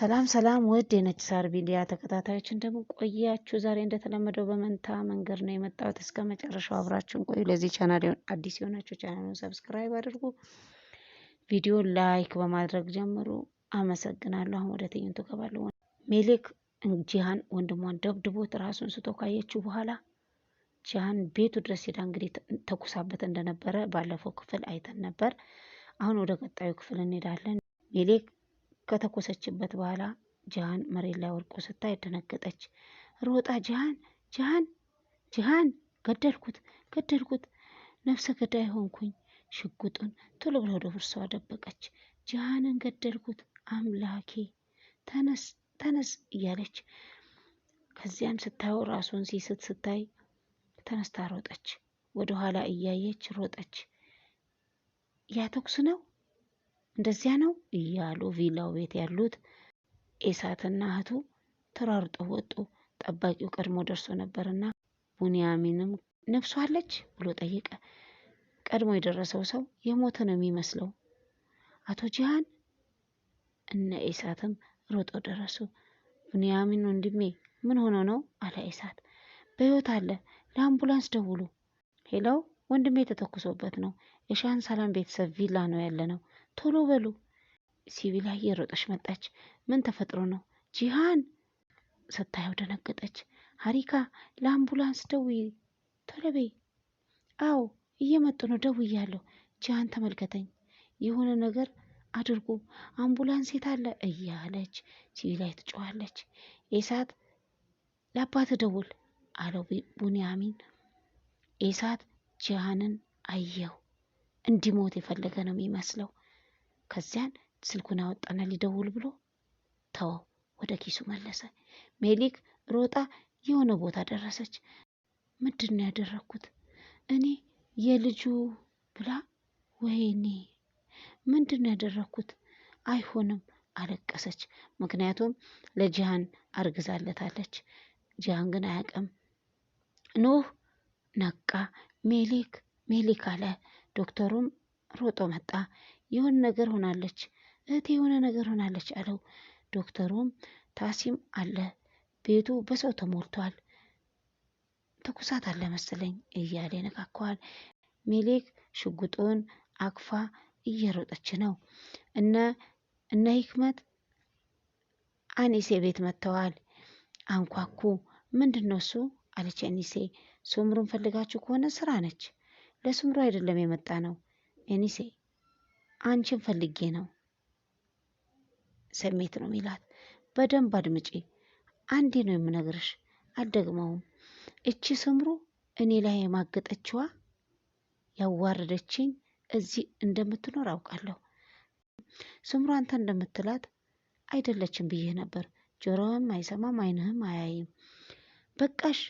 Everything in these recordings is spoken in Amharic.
ሰላም ሰላም ውድ የነጭ ሳር ሚዲያ ተከታታዮች እንደምን ቆያችሁ? ዛሬ እንደተለመደው በመንታ መንገድ ነው የመጣሁት። እስከ መጨረሻው አብራችን ቆዩ። ለዚህ ቻናል አዲስ የሆናችሁ ቻናሉን ሰብስክራይብ አድርጉ፣ ቪዲዮ ላይክ በማድረግ ጀምሩ። አመሰግናለሁ። አሁን ወደ ትዕይንቱ ገባለሁ። ሜሌክ ጂሃን ወንድሟን ደብድቦት ራሱን ስቶ ካየችው በኋላ ጂሃን ቤቱ ድረስ ሄዳ እንግዲህ ተኩሳበት እንደነበረ ባለፈው ክፍል አይተን ነበር። አሁን ወደ ቀጣዩ ክፍል እንሄዳለን። ሜሌክ ከተኮሰችበት በኋላ ጃሃን መሬት ላይ ወድቆ ስታይ ደነገጠች። ሮጣ ጃሃን ጃሃን ጃሃን ገደልኩት ገደልኩት ነፍሰ ገዳይ ሆንኩኝ። ሽጉጡን ቶሎ ብላ ወደ ቦርሷ ደበቀች። ጃሃንን ገደልኩት አምላኬ ተነስ ተነስ እያለች ከዚያም ስታየው ራሱን ሲስት ስታይ ተነስታ ሮጠች። ወደ ኋላ እያየች ሮጠች። ያተኩስ ነው እንደዚያ ነው እያሉ ቪላው ቤት ያሉት ኤሳትና እህቱ ተሯርጦ ወጡ። ጠባቂው ቀድሞ ደርሶ ነበርና ቡንያሚንም ነፍሷ አለች ብሎ ጠየቀ። ቀድሞ የደረሰው ሰው የሞተ ነው የሚመስለው። አቶ ጂሃን እነ ኤሳትም ሮጦ ደረሱ። ቡንያሚን ወንድሜ ምን ሆኖ ነው አለ ኤሳት። በሕይወት አለ፣ ለአምቡላንስ ደውሉ። ሄለው ወንድሜ ተተኩሶበት ነው። የሻን ሰላም ቤተሰብ ቪላ ነው ያለ ነው ቶሎ በሉ ሲቪላ እየሮጠች መጣች። ምን ተፈጥሮ ነው ጂሃን? ስታየው ደነገጠች። ሀሪካ ለአምቡላንስ ደዊ ቶሎ በይ። አዎ እየመጡ ነው፣ ደውያለሁ። ጂሃን ተመልከተኝ፣ የሆነ ነገር አድርጉ፣ አምቡላንስ የት አለ እያለች ሲቪላ ትጮዋለች ኤሳት ለአባት ደውል አለው ቡኒያሚን ኤሳት ጂሃንን አየው እንዲሞት የፈለገ ነው የሚመስለው። ከዚያን ስልኩን አወጣና ሊደውል ብሎ ተወው፣ ወደ ኪሱ መለሰ። ሜሊክ ሮጣ የሆነ ቦታ ደረሰች። ምንድን ነው ያደረግኩት እኔ የልጁ ብላ ወይኔ ምንድን ነው ያደረግኩት? አይሆንም አለቀሰች። ምክንያቱም ለጂሃን አርግዛለታለች። ጂሃን ግን አያውቅም። ኑህ ነቃ። ሜሊክ ሜሊክ አለ። ዶክተሩም ሮጦ መጣ። የሆነ ነገር ሆናለች፣ እህቴ የሆነ ነገር ሆናለች አለው። ዶክተሩም ታሲም አለ፣ ቤቱ በሰው ተሞልቷል፣ ትኩሳት አለ መሰለኝ እያለ ይነካከዋል። ሜሌክ ሽጉጡን አክፋ እየሮጠች ነው። እነ እነ ሂክመት አኒሴ ቤት መጥተዋል። አንኳኩ። ምንድን ነው እሱ አለች አኒሴ። ሱምሩን ፈልጋችሁ ከሆነ ስራ ነች። ለሱምሩ አይደለም የመጣ ነው። አኒሴ አንቺን ፈልጌ ነው ስሜት ነው የሚላት። በደንብ አድምጪ፣ አንዴ ነው የምነግርሽ፣ አልደግመውም። እቺ ስምሩ እኔ ላይ የማገጠችዋ ያዋረደችኝ እዚህ እንደምትኖር አውቃለሁ። ስምሩ አንተ እንደምትላት አይደለችም ብዬ ነበር። ጆሮህም አይሰማም፣ አይንህም አያይም። በቃሽ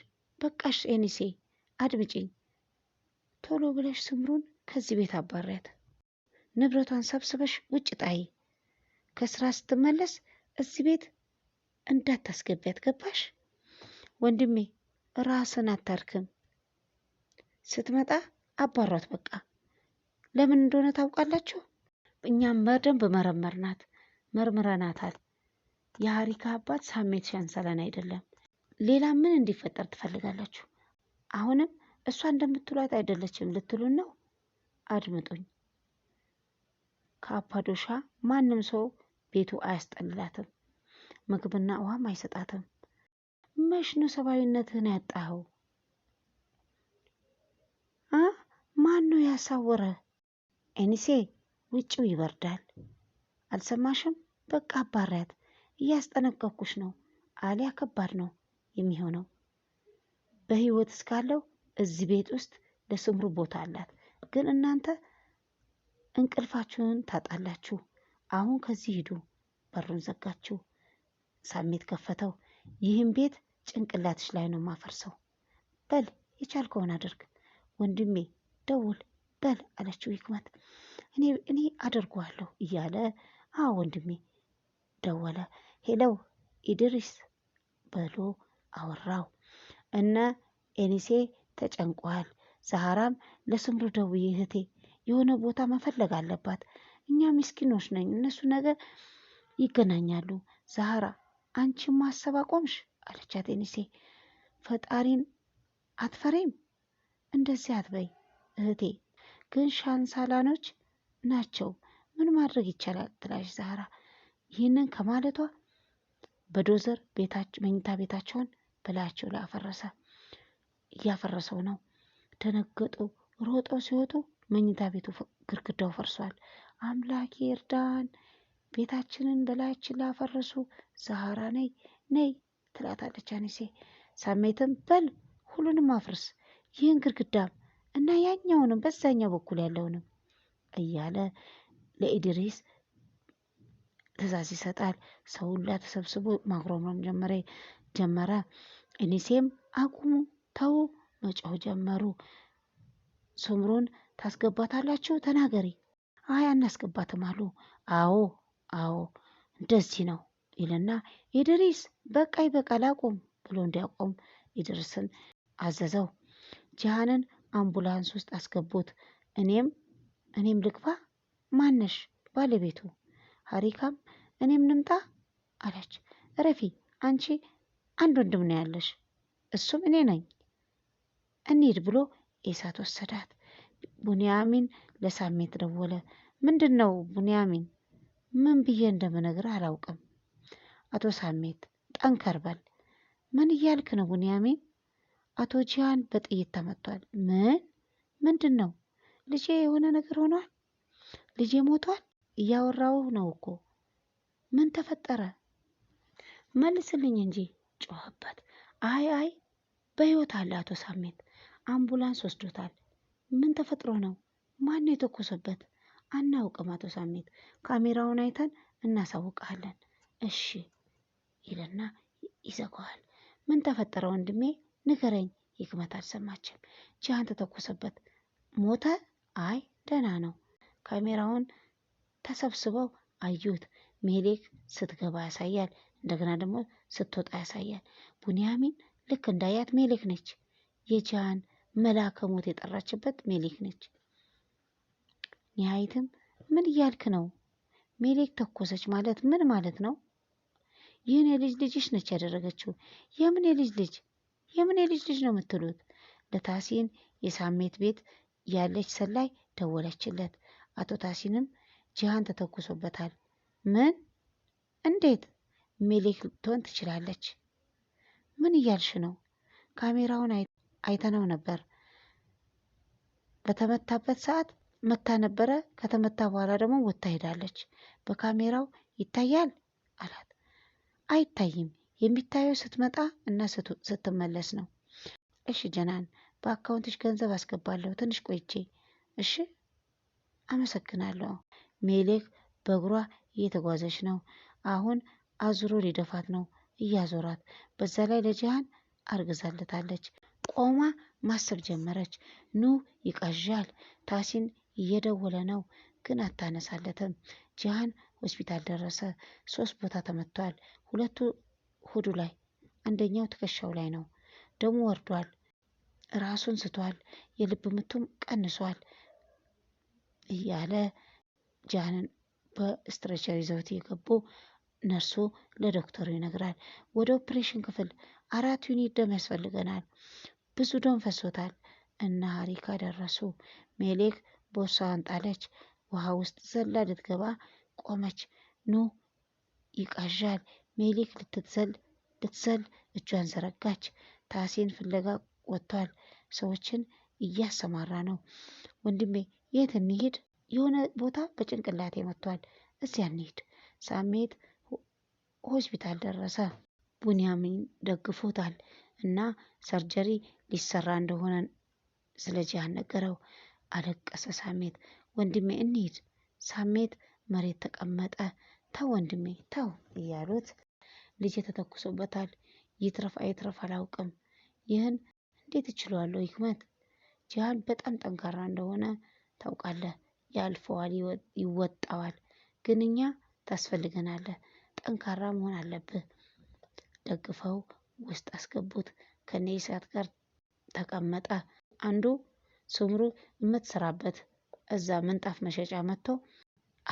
በቃሽ፣ ኤኒሴ አድምጪኝ። ቶሎ ብለሽ ስምሩን ከዚህ ቤት አባሪያት። ንብረቷን ሰብስበሽ ውጭ ጣይ። ከስራ ስትመለስ እዚህ ቤት እንዳታስገቢያት፣ ገባሽ? ወንድሜ ራስን አታርክም። ስትመጣ አባሯት በቃ። ለምን እንደሆነ ታውቃላችሁ? እኛም በደንብ መረመርናት መርምረናታል። የሀሪካ አባት ሳሜት ሻንሰላን አይደለም። ሌላ ምን እንዲፈጠር ትፈልጋላችሁ? አሁንም እሷ እንደምትሏት አይደለችም ልትሉን ነው? አድምጡኝ። ከአባዶሻ ማንም ሰው ቤቱ አያስጠልላትም፣ ምግብና ውሃም አይሰጣትም። መሽኑ ሰብአዊነትህን ያጣኸው አ ማን ነው ያሳወረ? ኤኒሴ ውጭው ይበርዳል። አልሰማሽም? በቃ አባሪያት። እያስጠነቀኩሽ ነው፣ አሊያ ከባድ ነው የሚሆነው። በህይወት እስካለው እዚህ ቤት ውስጥ ለስምሩ ቦታ አላት፣ ግን እናንተ እንቅልፋችሁን ታጣላችሁ። አሁን ከዚህ ሂዱ። በሩን ዘጋችሁ። ሳሜት ከፈተው። ይህም ቤት ጭንቅላትሽ ላይ ነው ማፈርሰው። በል የቻልከውን አድርግ ወንድሜ፣ ደውል በል አለችው ሂክመት። እኔ እኔ አደርገዋለሁ እያለ አ ወንድሜ ደወለ። ሄለው ኢድሪስ በሎ አወራው። እነ ኤኒሴ ተጨንቋል። ዛህራም ለስምሩ ደውዬ እህቴ የሆነ ቦታ መፈለግ አለባት። እኛ ምስኪኖች ነኝ፣ እነሱ ነገ ይገናኛሉ። ዛህራ አንቺም ማሰብ አቆምሽ አለቻት ኤኒሴ። ፈጣሪን አትፈሪም? እንደዚህ አትበይ እህቴ፣ ግን ሻንሳላኖች ናቸው ምን ማድረግ ይቻላል ትላሽ ዛህራ። ይህንን ከማለቷ በዶዘር መኝታ ቤታቸውን በላያቸው ላይ እያፈረሰው ነው። ደነገጡ። ሮጠው ሲወጡ መኝታ ቤቱ ግድግዳው ፈርሷል። አምላኬ እርዳን፣ ቤታችንን በላያችን ላፈረሱ ዛሃራ ነይ ነይ ትላታለች አኒሴ። ሳሜትም በል ሁሉንም አፍርስ፣ ይህን ግድግዳም እና ያኛውንም በዛኛው በኩል ያለውንም እያለ ለኢድሪስ ትእዛዝ ይሰጣል። ሰው ሁላ ተሰብስቦ ማጉረምረም ጀመረ ጀመረ። እኒሴም አቁሙ፣ ተዉ መጮህ ጀመሩ። ስምሩን ታስገባታላችሁ? ተናገሪ። አይ አናስገባትም አሉ። አዎ አዎ እንደዚህ ነው ይልና ኢድሪስ በቃ ይበቃል አቁም ብሎ እንዲያቆም ኢድሪስን አዘዘው። ጃሃንን አምቡላንስ ውስጥ አስገቡት። እኔም እኔም ልግባ ማነሽ ባለቤቱ ሀሪካም እኔም ንምጣ አለች። ረፊ አንቺ አንድ ወንድም ነው ያለሽ፣ እሱም እኔ ነኝ፣ እንሂድ ብሎ ኤሳት ወሰዳት። ቡንያሚን ለሳሜት ደወለ። ምንድን ነው ቡንያሚን? ምን ብዬ እንደምነግር አላውቅም። አቶ ሳሜት ጠንከር በል። ምን እያልክ ነው ቡንያሚን? አቶ ጂያን በጥይት ተመቷል። ምን? ምንድን ነው? ልጄ የሆነ ነገር ሆኗል። ልጄ ሞቷል። እያወራው ነው እኮ። ምን ተፈጠረ? መልስልኝ እንጂ ጮኸበት። አይ አይ በሕይወት አለ አቶ ሳሜት፣ አምቡላንስ ወስዶታል። ምን ተፈጥሮ ነው? ማን ነው የተኮሰበት? አናውቅም አቶ ሳሜት፣ ካሜራውን አይተን እናሳውቃለን። እሺ ይለና ይዘጋዋል። ምን ተፈጠረ ወንድሜ ንገረኝ። ህክመት አልሰማችም። ጂሃን ተተኮሰበት። ሞተ? አይ ደህና ነው። ካሜራውን ተሰብስበው አዩት። ሜሌክ ስትገባ ያሳያል፣ እንደገና ደግሞ ስትወጣ ያሳያል። ቡንያሚን ልክ እንዳያት ሜሌክ ነች። የጂሃን መልአከ ሞት የጠራችበት ሜሌክ ነች። ኒሀይትም ምን እያልክ ነው? ሜሌክ ተኮሰች ማለት ምን ማለት ነው? ይህን የልጅ ልጅሽ ነች ያደረገችው። የምን የልጅ ልጅ የምን የልጅ ልጅ ነው የምትሉት? ለታሲን የሳሜት ቤት ያለች ሰላይ ደወለችለት። አቶ ታሲንም ጂሃን ተተኩሶበታል። ምን? እንዴት? ሜሌክ ልትሆን ትችላለች። ምን እያልሽ ነው? ካሜራውን አይተነው ነበር። በተመታበት ሰዓት መታ ነበረ። ከተመታ በኋላ ደግሞ ወታ ሄዳለች። በካሜራው ይታያል አላት። አይታይም፣ የሚታየው ስትመጣ እና ስትመለስ ነው። እሺ ጀናን፣ በአካውንትሽ ገንዘብ አስገባለሁ ትንሽ ቆይቼ። እሺ አመሰግናለሁ። ሜሌክ በእግሯ እየተጓዘች ነው። አሁን አዙሮ ሊደፋት ነው፣ እያዞራት በዛ ላይ ለጂሃን አርግዛለታለች ቆማ ማሰብ ጀመረች። ኑ ይቃዣል። ታሲን እየደወለ ነው፣ ግን አታነሳለትም። ጂሃን ሆስፒታል ደረሰ። ሶስት ቦታ ተመቷል። ሁለቱ ሆዱ ላይ፣ አንደኛው ትከሻው ላይ ነው። ደሙ ወርዷል። ራሱን ስቷል። የልብ ምቱም ቀንሷል እያለ ጃንን በስትሬቸር ይዘውት የገቡ ነርሱ ለዶክተሩ ይነግራል። ወደ ኦፕሬሽን ክፍል አራት ዩኒት ደም ያስፈልገናል። ብዙ ደም ፈሶታል። እነ ሀሪካ ደረሱ። ሜሌክ ቦርሳዋን ጣለች። ውሃ ውስጥ ዘላ ልትገባ ቆመች። ኑ ይቃዣል። ሜሌክ ልትዘል ልትዘል እጇን ዘረጋች። ታሲን ፍለጋ ወጥቷል። ሰዎችን እያሰማራ ነው። ወንድሜ የት እንሂድ? የሆነ ቦታ በጭንቅላቴ መጥቷል። እዚያ እንሂድ። ሳሜት ሆስፒታል ደረሰ። ቡንያሚን ደግፎታል። እና ሰርጀሪ ሊሰራ እንደሆነ ስለጂያን ነገረው። አለቀሰ ሳሜት። ወንድሜ እንሂድ። ሳሜት መሬት ተቀመጠ። ተው ወንድሜ ተው እያሉት ልጄ ተተኩሶበታል። ይትረፍ አይትረፍ አላውቅም። ይህን እንዴት እችለዋለሁ? ሂክመት ጂያን በጣም ጠንካራ እንደሆነ ታውቃለህ። ያልፈዋል፣ ይወጣዋል። ግን እኛ ታስፈልገናለህ። ጠንካራ መሆን አለብህ። ደግፈው ውስጥ አስገቡት። ከነ ይሳት ጋር ተቀመጠ። አንዱ ስምሩ የምትሰራበት እዛ ምንጣፍ መሸጫ መጥቶ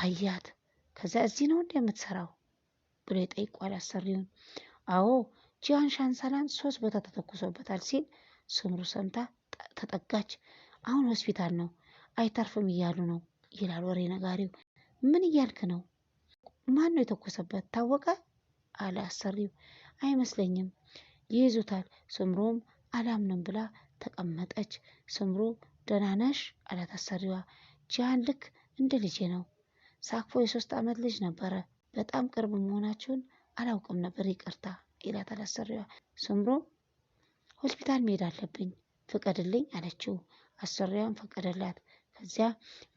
አያት። ከዛ እዚህ ነው እንዴ የምትሰራው ብሎ ይጠይቋል አሰሪውን። አዎ ጂያን ሻንሳላን ሶስት ቦታ ተተኩሶበታል ሲል ስምሩ ሰምታ ተጠጋች። አሁን ሆስፒታል ነው አይተርፍም እያሉ ነው ይላል ወሬ ነጋሪው። ምን እያልክ ነው? ማን ነው የተኮሰበት ታወቀ? አለ አሰሪው። አይመስለኝም ይይዙታል። ስምሮም አላምንም ብላ ተቀመጠች። ስምሮ ደህና ነሽ አላት አሰሪዋ። ጂያን ልክ እንደ ልጄ ነው። ሳክፎ የሶስት ዓመት ልጅ ነበረ። በጣም ቅርብ መሆናችሁን አላውቅም ነበር ይቅርታ ይላታል አሰሪዋ። ስምሮ ሆስፒታል መሄድ አለብኝ ፍቀድልኝ አለችው። አሰሪዋም ፈቀደላት። ከዚያ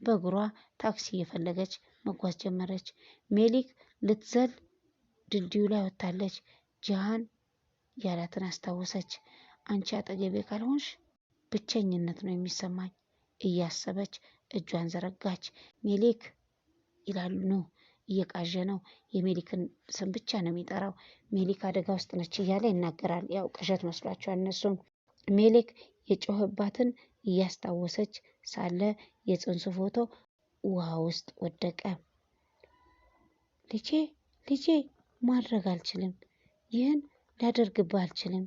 በእግሯ ታክሲ እየፈለገች መጓዝ ጀመረች። ሜሊክ ልትዘል ድልድዩ ላይ ወጥታለች። ጂያን ያላትን አስታወሰች። አንቺ አጠገቤ ካልሆንሽ ብቸኝነት ነው የሚሰማኝ እያሰበች እጇን ዘረጋች። ሜሌክ ይላሉ ነው እየቃዠ ነው። የሜሊክን ስም ብቻ ነው የሚጠራው። ሜሊክ አደጋ ውስጥ ነች እያለ ይናገራል። ያው ቅዠት መስሏቸው እነሱም ሜሌክ የጮህባትን እያስታወሰች ሳለ የጽንሱ ፎቶ ውሃ ውስጥ ወደቀ። ልጄ ልጄ ማድረግ አልችልም ይህን ላደርግብህ አልችልም።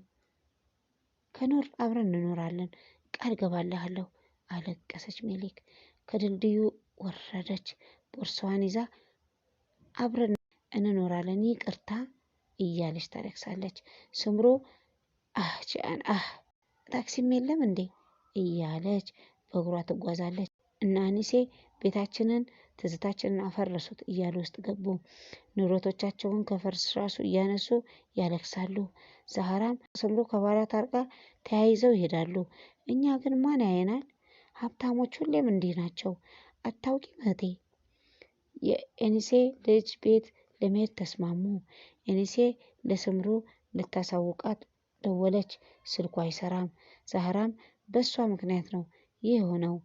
ከኖር አብረን እንኖራለን ቃል እገባልሃለሁ አለቀሰች ሜሊክ። ከድልድዩ ወረደች ቦርሳዋን ይዛ አብረን እንኖራለን ይቅርታ እያለች ታለቅሳለች። ስምሮ አህ አህ ታክሲም የለም እንዴ እያለች በእግሯ ትጓዛለች። እና አኒሴ ቤታችንን ትዝታችንን አፈረሱት እያሉ ውስጥ ገቡ። ንብረቶቻቸውን ከፍርስራሹ እያነሱ ያለቅሳሉ። ዛህራም ስምሩ ከባሏ ታርቃ ተያይዘው ይሄዳሉ። እኛ ግን ማን ያየናል? ሀብታሞች ሁሌም እንዲህ ናቸው። አታውቂ እህቴ። የኤኒሴ ልጅ ቤት ለመሄድ ተስማሙ። ኤኒሴ ለስምሩ ልታሳውቃት ደወለች። ስልኩ አይሰራም። ዛህራም በሷ ምክንያት ነው ይህ የሆነው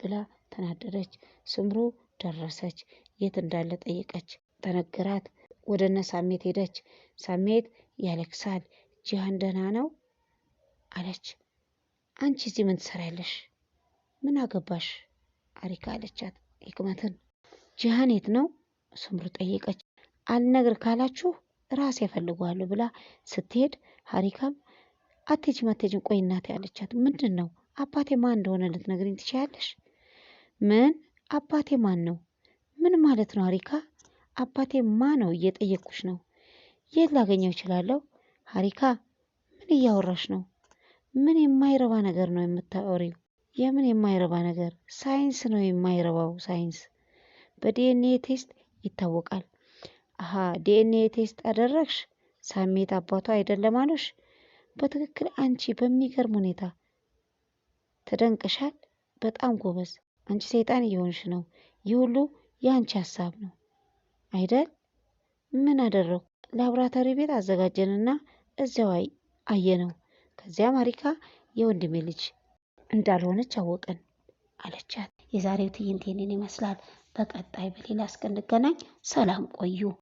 ብላ ተናደደች። ስምሩ ደረሰች። የት እንዳለ ጠየቀች፣ ተነገራት። ወደ እነ ሳሜት ሄደች። ሳሜት ያለቅሳል። ጂሃን ደህና ነው አለች። አንቺ እዚህ ምን ትሰሪያለሽ? ምን አገባሽ? አሪካ አለቻት ሂክመትን። ጂሃን የት ነው? ስምሩ ጠየቀች። አልነግር ካላችሁ ራሴ እፈልገዋለሁ ብላ ስትሄድ ሀሪካም አትሄጂም አትሄጂም ቆይ እናቴ አለቻት። ምንድን ነው አባቴ ማን እንደሆነ ልትነግሪኝ ትችያለሽ? ምን አባቴ ማን ነው? ምን ማለት ነው ሀሪካ? አባቴ ማ ነው እየጠየቅኩሽ ነው። የት ላገኘው እችላለሁ? ሀሪካ ምን እያወራሽ ነው? ምን የማይረባ ነገር ነው የምታወሪው? የምን የማይረባ ነገር? ሳይንስ ነው የማይረባው ሳይንስ። በዲኤንኤ ቴስት ይታወቃል። አሀ ዲኤንኤ ቴስት አደረግሽ? ሳሜት አባቷ አይደለም አሉሽ? በትክክል አንቺ በሚገርም ሁኔታ ተደንቅሻል? በጣም ጎበዝ አንቺ ሰይጣን እየሆንሽ ነው። ይህ ሁሉ የአንቺ ሀሳብ ነው አይደል? ምን አደረው ላብራቶሪ ቤት አዘጋጀንና እዚያው አየነው። ከዚያ ማሪካ የወንድሜ ልጅ እንዳልሆነች አወቅን አለቻት። የዛሬው ትዕይንት ይህንን ይመስላል። በቀጣይ በሌላ እስክንገናኝ ሰላም ቆዩ።